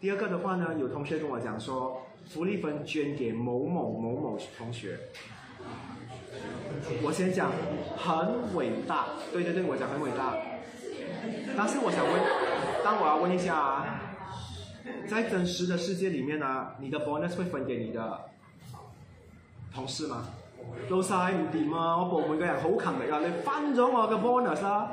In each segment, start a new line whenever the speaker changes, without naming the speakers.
第二個的話呢，有同學跟我講說，福利分捐給某某某某同學。我先講，很偉大，對對對，我講很偉大。
但是我想問，但我要問一下，在真
實的世界裏面呢，啊，你的 bonus 會分給你的同事嗎？老細唔掂啊，我部門嘅人好勤力啊，你分咗我嘅 bonus 啊？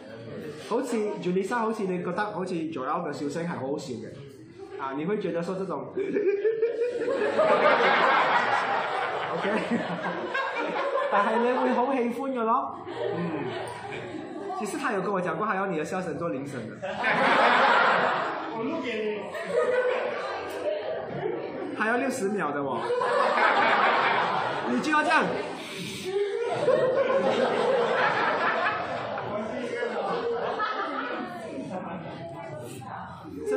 好似 Julie s a 好似你覺得好似仲有一 l 笑聲係好好笑嘅，啊！你會覺得說這種 o k 但係你會好喜歡嘅咯。嗯，其實他有跟我講過還要你嘅笑聲做凌晨嘅。
我錄緊，
還要六十秒的喎，你就要樣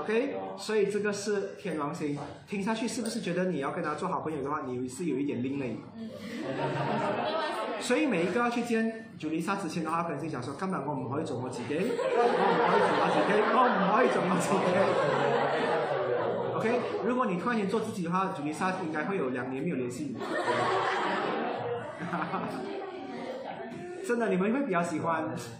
OK，所以這個是天王星，聽下去是不是覺得你要跟他做好朋友的話，你是有一點另類？所以每一個要去見茱莉莎之前，的話跟天星想說，今日我唔可以做我自己，我唔可以做我自己，我唔可以做我自己。 OK，如果你突然間做自己的話，茱莉莎應該會有兩年沒有聯繫你。 真的，你們會比較喜歡、嗯。